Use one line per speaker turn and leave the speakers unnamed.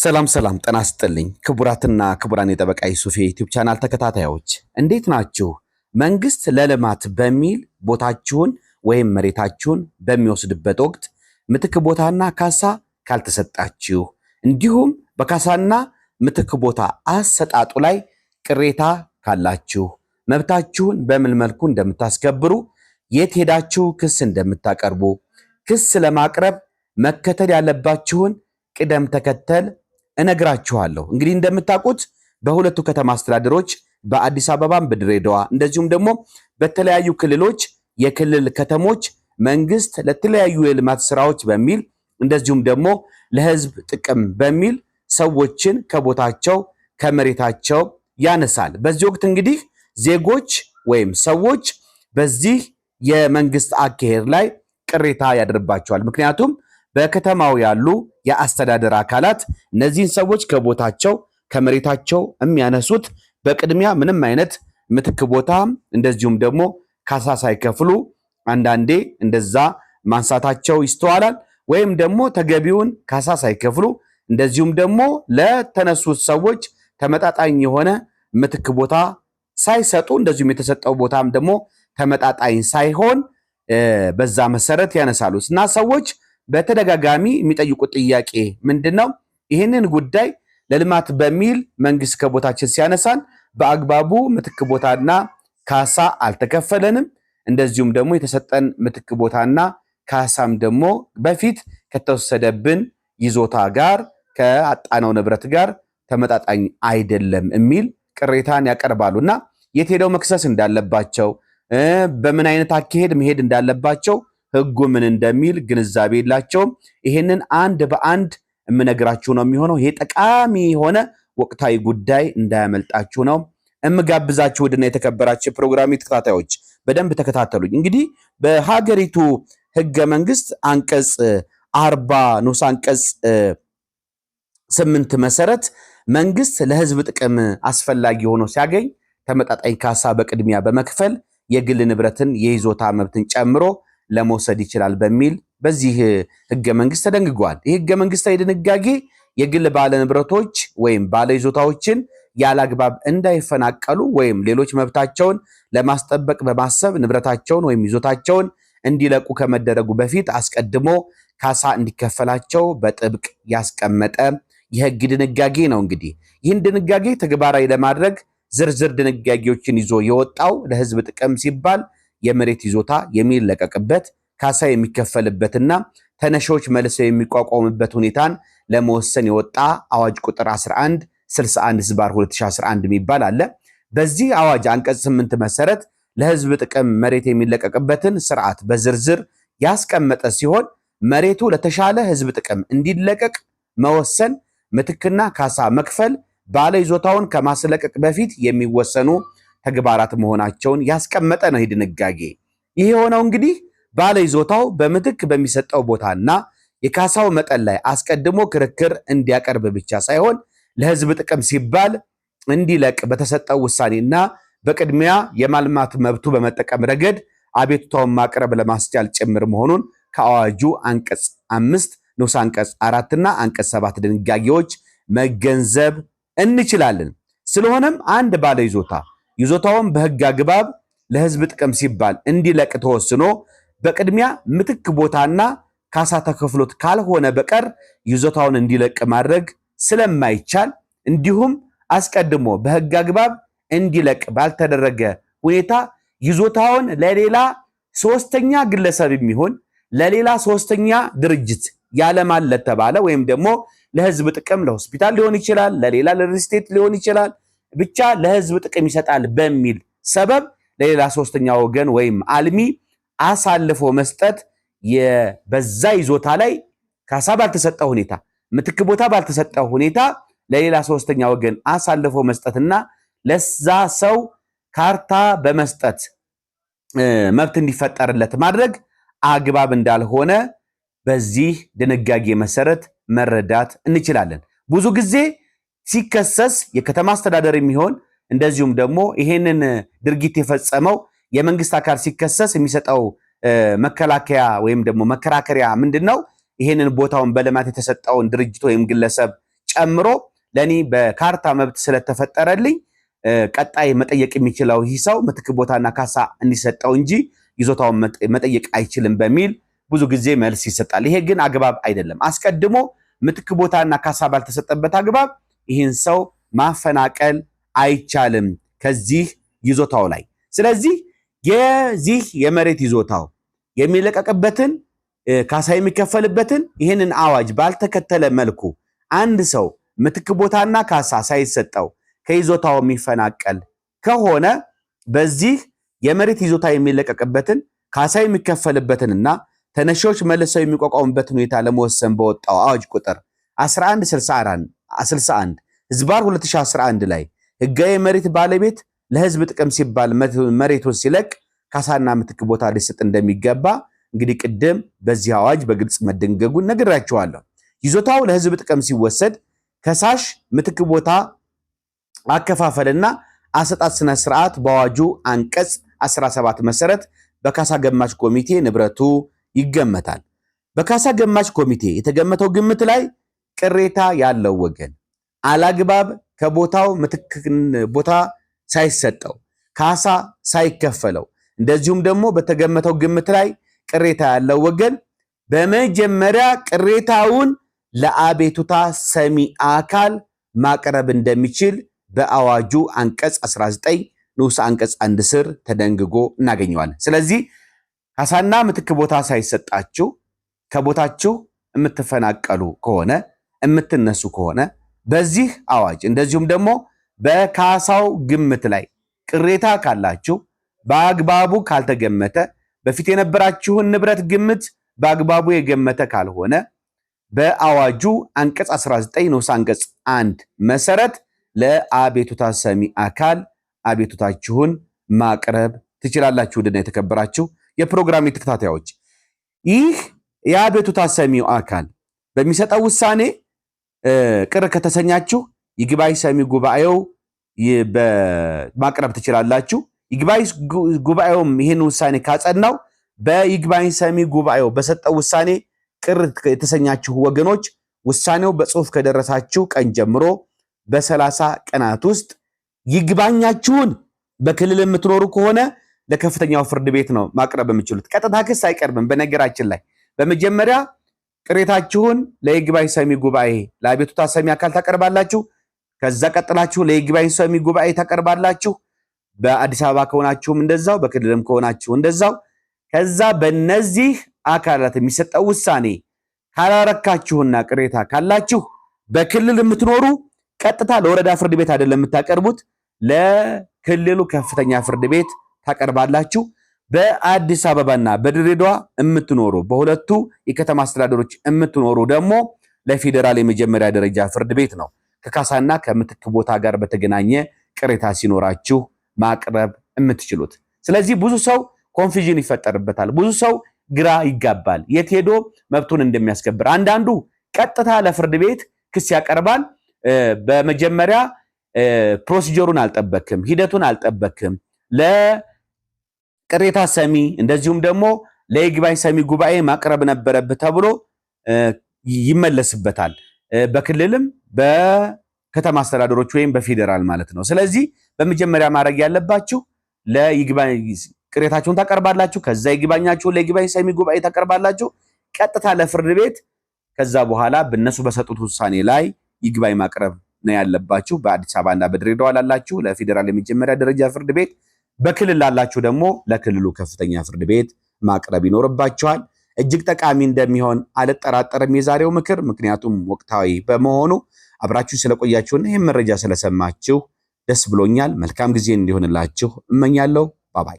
ሰላም ሰላም፣ ጤና ይስጥልኝ ክቡራትና ክቡራን የጠበቃ ዩሱፍ የዩቲዩብ ቻናል ተከታታዮች እንዴት ናችሁ? መንግስት ለልማት በሚል ቦታችሁን ወይም መሬታችሁን በሚወስድበት ወቅት ምትክ ቦታና ካሳ ካልተሰጣችሁ እንዲሁም በካሳና ምትክ ቦታ አሰጣጡ ላይ ቅሬታ ካላችሁ መብታችሁን በምን መልኩ እንደምታስከብሩ የት ሄዳችሁ ክስ እንደምታቀርቡ ክስ ለማቅረብ መከተል ያለባችሁን ቅደም ተከተል እነግራችኋለሁ። እንግዲህ እንደምታውቁት በሁለቱ ከተማ አስተዳደሮች በአዲስ አበባም በድሬዳዋ እንደዚሁም ደግሞ በተለያዩ ክልሎች የክልል ከተሞች መንግስት ለተለያዩ የልማት ስራዎች በሚል እንደዚሁም ደግሞ ለህዝብ ጥቅም በሚል ሰዎችን ከቦታቸው ከመሬታቸው ያነሳል። በዚህ ወቅት እንግዲህ ዜጎች ወይም ሰዎች በዚህ የመንግስት አካሄድ ላይ ቅሬታ ያደርባቸዋል። ምክንያቱም በከተማው ያሉ የአስተዳደር አካላት እነዚህን ሰዎች ከቦታቸው ከመሬታቸው የሚያነሱት በቅድሚያ ምንም አይነት ምትክ ቦታ እንደዚሁም ደግሞ ካሳ ሳይከፍሉ አንዳንዴ እንደዛ ማንሳታቸው ይስተዋላል። ወይም ደግሞ ተገቢውን ካሳ ሳይከፍሉ እንደዚሁም ደግሞ ለተነሱት ሰዎች ተመጣጣኝ የሆነ ምትክ ቦታ ሳይሰጡ እንደዚሁም የተሰጠው ቦታም ደግሞ ተመጣጣኝ ሳይሆን በዛ መሰረት ያነሳሉ እና ሰዎች በተደጋጋሚ የሚጠይቁት ጥያቄ ምንድን ነው? ይህንን ጉዳይ ለልማት በሚል መንግስት ከቦታችን ሲያነሳን በአግባቡ ምትክ ቦታና ካሳ አልተከፈለንም። እንደዚሁም ደግሞ የተሰጠን ምትክ ቦታና ካሳም ደግሞ በፊት ከተወሰደብን ይዞታ ጋር ከአጣነው ንብረት ጋር ተመጣጣኝ አይደለም የሚል ቅሬታን ያቀርባሉ እና የት ሄደው መክሰስ እንዳለባቸው በምን አይነት አካሄድ መሄድ እንዳለባቸው ህጉ ምን እንደሚል ግንዛቤ የላቸውም። ይሄንን አንድ በአንድ የምነግራችሁ ነው የሚሆነው። ይሄ ጠቃሚ የሆነ ወቅታዊ ጉዳይ እንዳያመልጣችሁ ነው እምጋብዛችሁ። ውድና የተከበራችሁ የፕሮግራሚ ተከታታዮች በደንብ ተከታተሉኝ። እንግዲህ በሀገሪቱ ህገ መንግስት አንቀጽ አርባ ንዑስ አንቀጽ ስምንት መሰረት መንግስት ለህዝብ ጥቅም አስፈላጊ ሆኖ ሲያገኝ ተመጣጣኝ ካሳ በቅድሚያ በመክፈል የግል ንብረትን የይዞታ መብትን ጨምሮ ለመውሰድ ይችላል በሚል በዚህ ህገ መንግስት ተደንግጓል። ይህ ህገ መንግስታዊ ድንጋጌ የግል ባለ ንብረቶች ወይም ባለ ይዞታዎችን ያለ አግባብ እንዳይፈናቀሉ ወይም ሌሎች መብታቸውን ለማስጠበቅ በማሰብ ንብረታቸውን ወይም ይዞታቸውን እንዲለቁ ከመደረጉ በፊት አስቀድሞ ካሳ እንዲከፈላቸው በጥብቅ ያስቀመጠ የህግ ድንጋጌ ነው። እንግዲህ ይህን ድንጋጌ ተግባራዊ ለማድረግ ዝርዝር ድንጋጌዎችን ይዞ የወጣው ለህዝብ ጥቅም ሲባል የመሬት ይዞታ የሚለቀቅበት ካሳ የሚከፈልበትና ተነሾች መልሰው የሚቋቋሙበት ሁኔታን ለመወሰን የወጣ አዋጅ ቁጥር 11 61 ዝባር 2011 የሚባል አለ። በዚህ አዋጅ አንቀጽ 8 መሰረት ለህዝብ ጥቅም መሬት የሚለቀቅበትን ስርዓት በዝርዝር ያስቀመጠ ሲሆን መሬቱ ለተሻለ ህዝብ ጥቅም እንዲለቀቅ መወሰን፣ ምትክና ካሳ መክፈል፣ ባለ ይዞታውን ከማስለቀቅ በፊት የሚወሰኑ ተግባራት መሆናቸውን ያስቀመጠ ነው ይህ ድንጋጌ። ይህ የሆነው እንግዲህ ባለ ይዞታው በምትክ በሚሰጠው ቦታና የካሳው መጠን ላይ አስቀድሞ ክርክር እንዲያቀርብ ብቻ ሳይሆን ለሕዝብ ጥቅም ሲባል እንዲለቅ በተሰጠው ውሳኔና በቅድሚያ የማልማት መብቱ በመጠቀም ረገድ አቤቱታውን ማቅረብ ለማስቻል ጭምር መሆኑን ከአዋጁ አንቀጽ አምስት ንዑስ አንቀጽ አራትና አንቀጽ ሰባት ድንጋጌዎች መገንዘብ እንችላለን። ስለሆነም አንድ ባለ ይዞታ ይዞታውን በህግ አግባብ ለህዝብ ጥቅም ሲባል እንዲለቅ ተወስኖ በቅድሚያ ምትክ ቦታና ካሳ ተከፍሎት ካልሆነ በቀር ይዞታውን እንዲለቅ ማድረግ ስለማይቻል እንዲሁም አስቀድሞ በህግ አግባብ እንዲለቅ ባልተደረገ ሁኔታ ይዞታውን ለሌላ ሶስተኛ ግለሰብ የሚሆን ለሌላ ሶስተኛ ድርጅት ያለማለት ተባለ ወይም ደግሞ ለህዝብ ጥቅም ለሆስፒታል ሊሆን ይችላል፣ ለሌላ ለሪል ሊሆን ይችላል ብቻ ለህዝብ ጥቅም ይሰጣል በሚል ሰበብ ለሌላ ሶስተኛ ወገን ወይም አልሚ አሳልፎ መስጠት በዛ ይዞታ ላይ ካሳ ባልተሰጠ ሁኔታ፣ ምትክ ቦታ ባልተሰጠ ሁኔታ ለሌላ ሶስተኛ ወገን አሳልፎ መስጠትና ለዛ ሰው ካርታ በመስጠት መብት እንዲፈጠርለት ማድረግ አግባብ እንዳልሆነ በዚህ ድንጋጌ መሰረት መረዳት እንችላለን። ብዙ ጊዜ ሲከሰስ የከተማ አስተዳደር የሚሆን እንደዚሁም ደግሞ ይሄንን ድርጊት የፈጸመው የመንግስት አካል ሲከሰስ የሚሰጠው መከላከያ ወይም ደግሞ መከራከሪያ ምንድን ነው? ይሄንን ቦታውን በልማት የተሰጠውን ድርጅት ወይም ግለሰብ ጨምሮ ለእኔ በካርታ መብት ስለተፈጠረልኝ ቀጣይ መጠየቅ የሚችለው ይህ ሰው ምትክ ቦታና ካሳ እንዲሰጠው እንጂ ይዞታውን መጠየቅ አይችልም በሚል ብዙ ጊዜ መልስ ይሰጣል። ይሄ ግን አግባብ አይደለም። አስቀድሞ ምትክ ቦታና ካሳ ባልተሰጠበት አግባብ ይህን ሰው ማፈናቀል አይቻልም ከዚህ ይዞታው ላይ። ስለዚህ የዚህ የመሬት ይዞታው የሚለቀቅበትን ካሳ የሚከፈልበትን ይህንን አዋጅ ባልተከተለ መልኩ አንድ ሰው ምትክ ቦታና ካሳ ሳይሰጠው ከይዞታው የሚፈናቀል ከሆነ በዚህ የመሬት ይዞታ የሚለቀቅበትን ካሳ የሚከፈልበትንና ተነሺዎች መልሰው የሚቋቋሙበትን ሁኔታ ለመወሰን በወጣው አዋጅ ቁጥር 1164 61 ህዝባር 2011 ላይ ህጋዊ መሬት ባለቤት ለህዝብ ጥቅም ሲባል መሬቱን ሲለቅ ካሳና ምትክ ቦታ ሊሰጥ እንደሚገባ እንግዲህ ቅድም በዚህ አዋጅ በግልጽ መደንገጉን ነግራችኋለሁ። ይዞታው ለህዝብ ጥቅም ሲወሰድ ከሳሽ ምትክ ቦታ አከፋፈልና አሰጣት ስነ ስርዓት በአዋጁ አንቀጽ 17 መሰረት በካሳ ገማች ኮሚቴ ንብረቱ ይገመታል። በካሳ ገማች ኮሚቴ የተገመተው ግምት ላይ ቅሬታ ያለው ወገን አላግባብ ከቦታው ምትክ ቦታ ሳይሰጠው ካሳ ሳይከፈለው እንደዚሁም ደግሞ በተገመተው ግምት ላይ ቅሬታ ያለው ወገን በመጀመሪያ ቅሬታውን ለአቤቱታ ሰሚ አካል ማቅረብ እንደሚችል በአዋጁ አንቀጽ 19 ንዑስ አንቀጽ አንድ ስር ተደንግጎ እናገኘዋለን። ስለዚህ ካሳና ምትክ ቦታ ሳይሰጣችሁ ከቦታችሁ የምትፈናቀሉ ከሆነ የምትነሱ ከሆነ በዚህ አዋጅ እንደዚሁም ደግሞ በካሳው ግምት ላይ ቅሬታ ካላችሁ በአግባቡ ካልተገመተ በፊት የነበራችሁን ንብረት ግምት በአግባቡ የገመተ ካልሆነ በአዋጁ አንቀጽ 19 ንዑስ አንቀጽ አንድ መሰረት ለአቤቱታ ሰሚ አካል አቤቱታችሁን ማቅረብ ትችላላችሁ። ድና የተከበራችሁ የፕሮግራም ተከታታዮች ይህ የአቤቱታ ሰሚው አካል በሚሰጠው ውሳኔ ቅር ከተሰኛችሁ ይግባይ ሰሚ ጉባኤው ማቅረብ ትችላላችሁ። ይግባይ ጉባኤውም ይህን ውሳኔ ካጸናው በይግባይ ሰሚ ጉባኤው በሰጠው ውሳኔ ቅር የተሰኛችሁ ወገኖች ውሳኔው በጽሁፍ ከደረሳችሁ ቀን ጀምሮ በሰላሳ ቀናት ውስጥ ይግባኛችሁን በክልል የምትኖሩ ከሆነ ለከፍተኛው ፍርድ ቤት ነው ማቅረብ የምችሉት። ቀጥታ ክስ አይቀርብም። በነገራችን ላይ በመጀመሪያ ቅሬታችሁን ለይግባኝ ሰሚ ጉባኤ ለአቤቱታ ሰሚ አካል ታቀርባላችሁ። ከዛ ቀጥላችሁ ለይግባኝ ሰሚ ጉባኤ ታቀርባላችሁ። በአዲስ አበባ ከሆናችሁም እንደዛው፣ በክልልም ከሆናችሁ እንደዛው። ከዛ በእነዚህ አካላት የሚሰጠው ውሳኔ ካላረካችሁና ቅሬታ ካላችሁ በክልል የምትኖሩ ቀጥታ ለወረዳ ፍርድ ቤት አይደለም የምታቀርቡት፣ ለክልሉ ከፍተኛ ፍርድ ቤት ታቀርባላችሁ። በአዲስ አበባና በድሬዳዋ የምትኖሩ በሁለቱ የከተማ አስተዳደሮች የምትኖሩ ደግሞ ለፌዴራል የመጀመሪያ ደረጃ ፍርድ ቤት ነው ከካሳና ከምትክ ቦታ ጋር በተገናኘ ቅሬታ ሲኖራችሁ ማቅረብ የምትችሉት። ስለዚህ ብዙ ሰው ኮንፊዥን ይፈጠርበታል። ብዙ ሰው ግራ ይጋባል፣ የት ሄዶ መብቱን እንደሚያስከብር። አንዳንዱ ቀጥታ ለፍርድ ቤት ክስ ያቀርባል። በመጀመሪያ ፕሮሲጀሩን አልጠበክም፣ ሂደቱን አልጠበክም፣ ቅሬታ ሰሚ እንደዚሁም ደግሞ ለይግባኝ ሰሚ ጉባኤ ማቅረብ ነበረብህ ተብሎ ይመለስበታል። በክልልም በከተማ አስተዳደሮች ወይም በፌዴራል ማለት ነው። ስለዚህ በመጀመሪያ ማድረግ ያለባችሁ ለይግባኝ ቅሬታችሁን ታቀርባላችሁ። ከዛ ይግባኛችሁ ለይግባኝ ሰሚ ጉባኤ ታቀርባላችሁ፣ ቀጥታ ለፍርድ ቤት። ከዛ በኋላ በነሱ በሰጡት ውሳኔ ላይ ይግባኝ ማቅረብ ነው ያለባችሁ። በአዲስ አበባና በድሬዳዋ ላላችሁ ለፌዴራል የመጀመሪያ ደረጃ ፍርድ ቤት በክልል ላላችሁ ደግሞ ለክልሉ ከፍተኛ ፍርድ ቤት ማቅረብ ይኖርባችኋል። እጅግ ጠቃሚ እንደሚሆን አልጠራጠርም የዛሬው ምክር፣ ምክንያቱም ወቅታዊ በመሆኑ አብራችሁ ስለቆያችሁና ይህም መረጃ ስለሰማችሁ ደስ ብሎኛል። መልካም ጊዜ እንዲሆንላችሁ እመኛለሁ። ባባይ